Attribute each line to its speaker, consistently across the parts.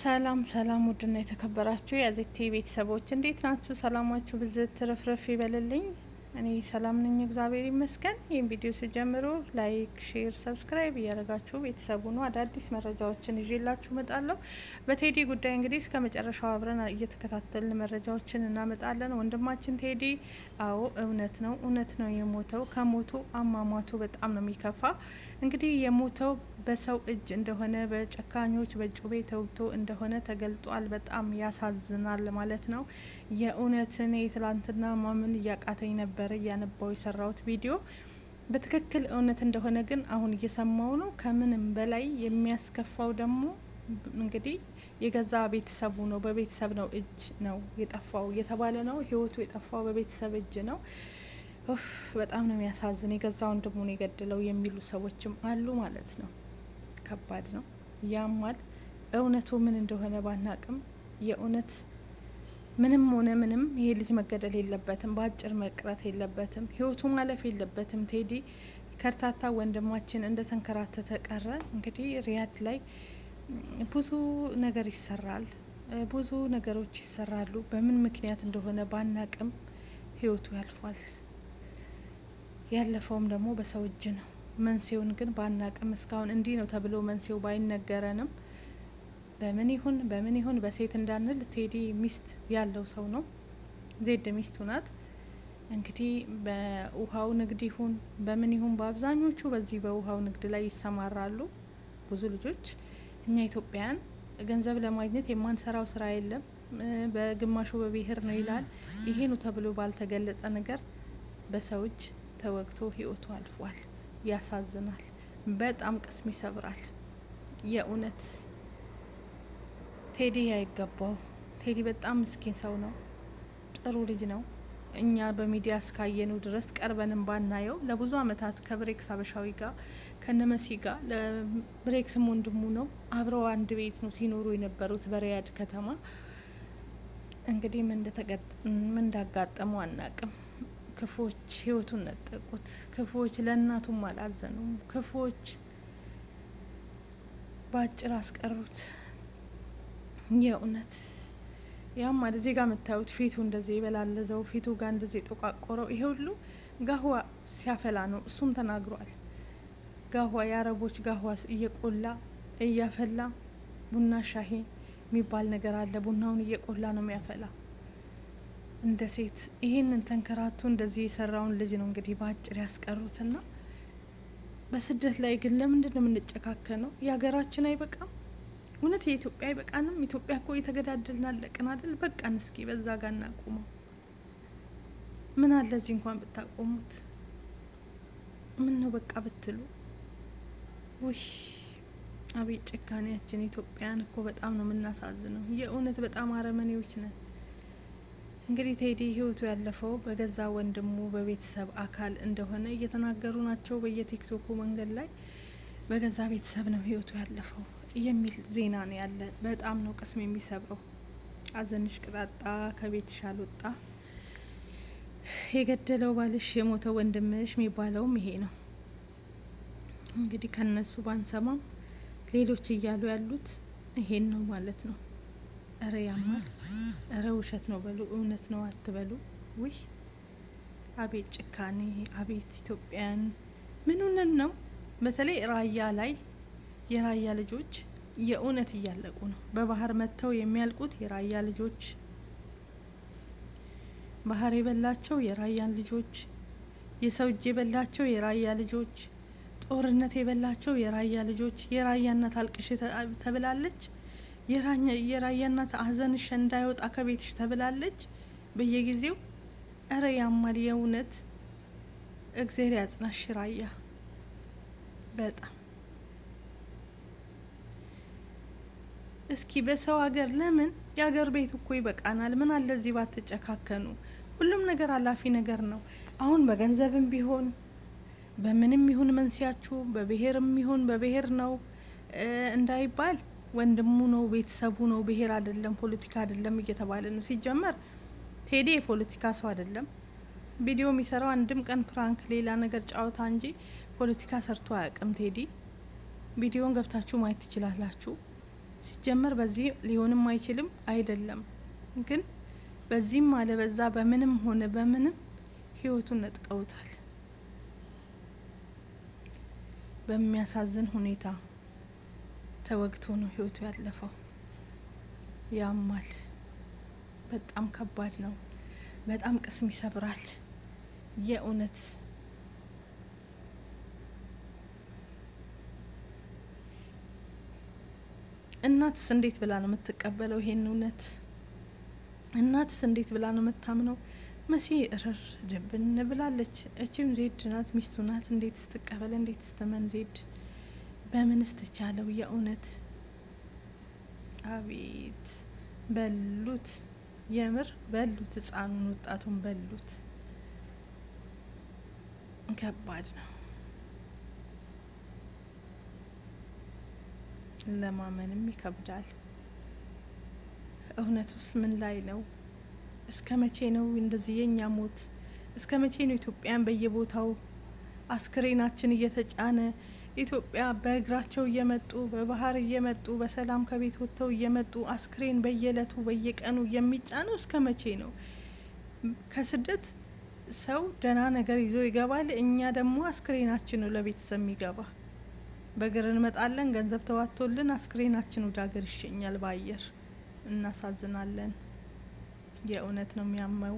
Speaker 1: ሰላም ሰላም ውድና የተከበራችሁ ቲቪ ቤተሰቦች እንዴት ናችሁ? ሰላማችሁ ብዝት ትረፍረፍ ይበልልኝ። እኔ ሰላም ነኝ፣ እግዚአብሔር ይመስገን። ይህን ቪዲዮ ስጀምሩ ላይክ፣ ሼር፣ ሰብስክራይብ እያደረጋችሁ ቤተሰቡ ነው። አዳዲስ መረጃዎችን ይዤላችሁ መጣለሁ። በቴዲ ጉዳይ እንግዲህ እስከ መጨረሻው አብረን እየተከታተልን መረጃዎችን እናመጣለን። ወንድማችን ቴዲ አዎ፣ እውነት ነው፣ እውነት ነው የሞተው። ከሞቱ አሟሟቱ በጣም ነው የሚከፋ። እንግዲህ የሞተው በሰው እጅ እንደሆነ በጨካኞች በጩቤ ተውቶ እንደሆነ ተገልጧል። በጣም ያሳዝናል ማለት ነው። የእውነትን የትላንትና ማመን እያቃተኝ ነበር ነበረ እያነባው የሰራሁት ቪዲዮ በትክክል እውነት እንደሆነ ግን አሁን እየሰማው ነው። ከምንም በላይ የሚያስከፋው ደግሞ እንግዲህ የገዛ ቤተሰቡ ነው። በቤተሰብ ነው እጅ ነው የጠፋው እየተባለ ነው። ህይወቱ የጠፋው በቤተሰብ እጅ ነው። በጣም ነው የሚያሳዝን። የገዛ ወንድሙን የገድለው የሚሉ ሰዎችም አሉ ማለት ነው። ከባድ ነው። ያማል። እውነቱ ምን እንደሆነ ባናቅም የእውነት ምንም ሆነ ምንም ይሄ ልጅ መገደል የለበትም፣ በአጭር መቅረት የለበትም፣ ህይወቱ ማለፍ የለበትም። ቴዲ ከርታታ ወንድማችን እንደ ተንከራተተ ቀረ። እንግዲህ ሪያድ ላይ ብዙ ነገር ይሰራል፣ ብዙ ነገሮች ይሰራሉ። በምን ምክንያት እንደሆነ ባናቅም ህይወቱ ያልፏል። ያለፈውም ደግሞ በሰው እጅ ነው። መንስኤውን ግን ባናቅም እስካሁን እንዲህ ነው ተብሎ መንስኤው ባይነገረንም በምን ይሁን በምን ይሁን በሴት እንዳንል ቴዲ ሚስት ያለው ሰው ነው። ዜድ ሚስቱ ናት። እንግዲህ በውሃው ንግድ ይሁን በምን ይሁን በአብዛኞቹ በዚህ በውሃው ንግድ ላይ ይሰማራሉ። ብዙ ልጆች እኛ ኢትዮጵያን ገንዘብ ለማግኘት የማንሰራው ስራ የለም። በግማሹ በብሔር ነው ይላል። ይሄ ነው ተብሎ ባልተገለጠ ነገር በሰው እጅ ተወግቶ ህይወቱ አልፏል። ያሳዝናል። በጣም ቅስም ይሰብራል የእውነት ቴዲ አይገባው። ቴዲ በጣም ምስኪን ሰው ነው። ጥሩ ልጅ ነው። እኛ በሚዲያ እስካየኑ ድረስ ቀርበንም ባናየው ለብዙ አመታት ከብሬክስ አበሻዊ ጋር ከነመሲ ጋር ለብሬክስም ወንድሙ ነው አብረው አንድ ቤት ነው ሲኖሩ የነበሩት በሪያድ ከተማ። እንግዲህ ምን እንዳጋጠሙ አናቅም። ክፉዎች ህይወቱን ነጠቁት። ክፉዎች ለእናቱም አላዘኑም። ክፉዎች በአጭር አስቀሩት። የእውነት ያም ማለት እዚህ ጋር የምታዩት ፊቱ እንደዚህ የበላለዘው ፊቱ ጋር እንደዚህ የጠቋቆረው ይሄ ሁሉ ጋህዋ ሲያፈላ ነው። እሱም ተናግሯል። ጋህዋ የአረቦች ጋህዋ እየቆላ እያፈላ ቡና ሻሂ የሚባል ነገር አለ። ቡናውን እየቆላ ነው የሚያፈላ እንደ ሴት ይህንን ተንከራቱ እንደዚህ የሰራውን ልጅ ነው እንግዲህ በአጭር ያስቀሩትና በስደት ላይ ግን ለምንድን ነው የምንጨካከነው? የሀገራችን አይበቃም? እውነት የኢትዮጵያ አይበቃንም? ኢትዮጵያ እኮ የተገዳደልን አለቅን አይደል? በቃን። እስኪ በዛ ጋር እናቁመው። ምን አለ እዚህ እንኳን ብታቆሙት፣ ምን ነው በቃ ብትሉ። ውሽ አቤት ጭካኔያችን! ኢትዮጵያን እኮ በጣም ነው የምናሳዝነው። የእውነት በጣም አረመኔዎች ነን። እንግዲህ ቴዲ ህይወቱ ያለፈው በገዛ ወንድሙ በቤተሰብ አካል እንደሆነ እየተናገሩ ናቸው። በየቲክቶኩ መንገድ ላይ በገዛ ቤተሰብ ነው ህይወቱ ያለፈው። የሚል ዜና ነው ያለ። በጣም ነው ቅስም የሚሰብረው። አዘንሽ ቅጣጣ ከቤትሽ አልወጣ የገደለው ባልሽ የሞተው ወንድምሽ የሚባለውም ይሄ ነው እንግዲህ። ከነሱ ባንሰማም ሌሎች እያሉ ያሉት ይሄን ነው ማለት ነው። እረ ያማል፣ እረ ውሸት ነው በሉ፣ እውነት ነው አትበሉ። ውይ አቤት ጭካኔ፣ አቤት ኢትዮጵያን። ምን ሆነን ነው በተለይ ራያ ላይ የራያ ልጆች የእውነት እያለቁ ነው። በባህር መጥተው የሚያልቁት የራያ ልጆች፣ ባህር የበላቸው የራያን ልጆች፣ የሰው እጅ የበላቸው የራያ ልጆች፣ ጦርነት የበላቸው የራያ ልጆች። የራያ እናት አልቅሽ ተብላለች። የራያ እናት አዘንሽ እንዳይወጣ ከቤትሽ ተብላለች በየጊዜው። እረ ያማል የእውነት። እግዜር ያጽናሽ ራያ በጣም እስኪ በሰው ሀገር ለምን የሀገር ቤት እኮ ይበቃናል። ምን አለ እዚህ ባትጨካከኑ። ሁሉም ነገር አላፊ ነገር ነው። አሁን በገንዘብም ቢሆን በምንም ይሁን መንስያችሁ በብሔርም ይሁን በብሔር ነው እንዳይባል ወንድሙ ነው ቤተሰቡ ነው ብሔር አይደለም ፖለቲካ አይደለም እየተባለ ነው። ሲጀመር ቴዲ የፖለቲካ ሰው አይደለም። ቪዲዮ የሚሰራው አንድም ቀን ፕራንክ፣ ሌላ ነገር ጫውታ እንጂ ፖለቲካ ሰርቶ አያውቅም ቴዲ። ቪዲዮን ገብታችሁ ማየት ትችላላችሁ። ሲጀመር በዚህ ሊሆንም አይችልም አይደለም። ግን በዚህም አለበዛ በምንም ሆነ በምንም ህይወቱን ነጥቀውታል። በሚያሳዝን ሁኔታ ተወግቶ ነው ህይወቱ ያለፈው። ያማል። በጣም ከባድ ነው። በጣም ቅስም ይሰብራል የእውነት እናትስ እንዴት ብላ ነው የምትቀበለው ይሄን እውነት? እናትስ እንዴት ብላ ነው የምታምነው? መሲ እረር ድብን ብላለች። እችም ዜድ ናት፣ ሚስቱ ናት። እንዴት ስትቀበል፣ እንዴት ስትመን፣ ዜድ በምንስ ትቻለው? የእውነት አቤት በሉት፣ የምር በሉት፣ ህፃኑን ወጣቱን በሉት። ከባድ ነው። ነገሮችን ለማመንም ይከብዳል። እውነቱስ ምን ላይ ነው? እስከ መቼ ነው እንደዚህ የኛ ሞት? እስከ መቼ ነው ኢትዮጵያን በየቦታው አስክሬናችን እየተጫነ ኢትዮጵያ በእግራቸው እየመጡ በባህር እየመጡ በሰላም ከቤት ወጥተው እየመጡ አስክሬን በየእለቱ በየቀኑ የሚጫነው እስከ መቼ ነው? ከስደት ሰው ደህና ነገር ይዞ ይገባል። እኛ ደግሞ አስክሬናችን ነው ለቤተሰብ የሚገባ በእግር እንመጣለን። ገንዘብ ተዋቶልን አስክሬናችን ወደ ሀገር ይሸኛል በአየር። እናሳዝናለን። የእውነት ነው የሚያመው፣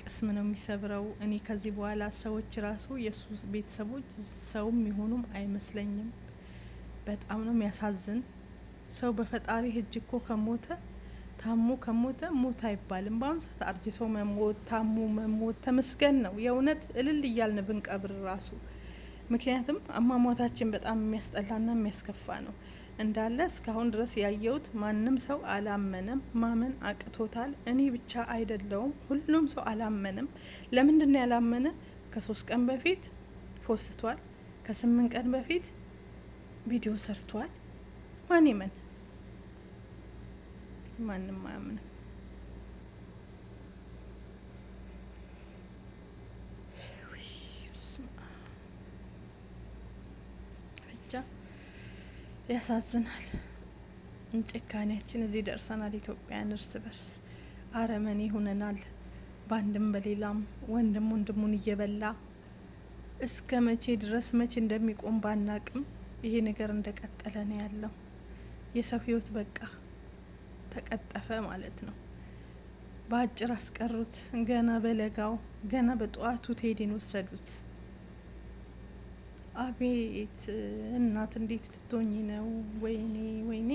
Speaker 1: ቅስም ነው የሚሰብረው። እኔ ከዚህ በኋላ ሰዎች ራሱ የእሱ ቤተሰቦች ሰውም ይሆኑም አይመስለኝም። በጣም ነው የሚያሳዝን። ሰው በፈጣሪ እጅ እኮ ከሞተ ታሞ ከሞተ ሞት አይባልም። በአሁኑ ሰዓት አርጅቶ መሞት ታሞ መሞት ተመስገን ነው። የእውነት እልል እያልን ብንቀብር ራሱ ምክንያቱም አሟሟታችን በጣም የሚያስጠላና የሚያስከፋ ነው። እንዳለ እስካሁን ድረስ ያየሁት ማንም ሰው አላመነም። ማመን አቅቶታል። እኔ ብቻ አይደለውም፣ ሁሉም ሰው አላመነም። ለምንድን ያላመነ? ከሶስት ቀን በፊት ፖስቷል፣ ከስምንት ቀን በፊት ቪዲዮ ሰርቷል። ማን ይመን? ማንም አያምንም። ያሳዝናል። ጭካኔያችን እዚህ ደርሰናል። ኢትዮጵያን እርስ በርስ አረመኔ ሆነናል። በአንድም በሌላም ወንድም ወንድሙን እየበላ እስከ መቼ ድረስ መቼ እንደሚቆም ባናቅም ይሄ ነገር እንደቀጠለ ነው ያለው። የሰው ህይወት በቃ ተቀጠፈ ማለት ነው። በአጭር አስቀሩት። ገና በለጋው ገና በጠዋቱ ቴዲን ወሰዱት። አቤት እናት እንዴት ልትሆኚ ነው? ወይኔ ወይኔ፣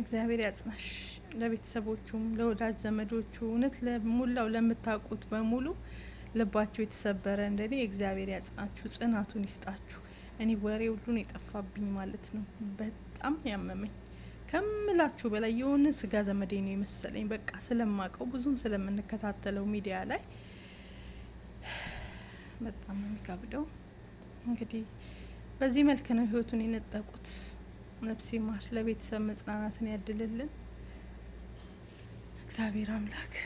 Speaker 1: እግዚአብሔር ያጽናሽ። ለቤተሰቦቹም ለወዳጅ ዘመዶቹ እውነት ለሙላው ለምታውቁት በሙሉ ልባቸው የተሰበረ እንደኔ እግዚአብሔር ያጽናችሁ፣ ጽናቱን ይስጣችሁ። እኔ ወሬ ሁሉን የጠፋብኝ ማለት ነው። በጣም ያመመኝ ከምላችሁ በላይ የሆነ ስጋ ዘመዴ ነው የመሰለኝ። በቃ ስለማቀው ብዙም ስለምንከታተለው ሚዲያ ላይ በጣም ነው የሚከብደው። እንግዲህ በዚህ መልክ ነው ህይወቱን የነጠቁት። ነፍሴ ማር ለቤተሰብ መጽናናትን ያድልልን እግዚአብሔር አምላክ።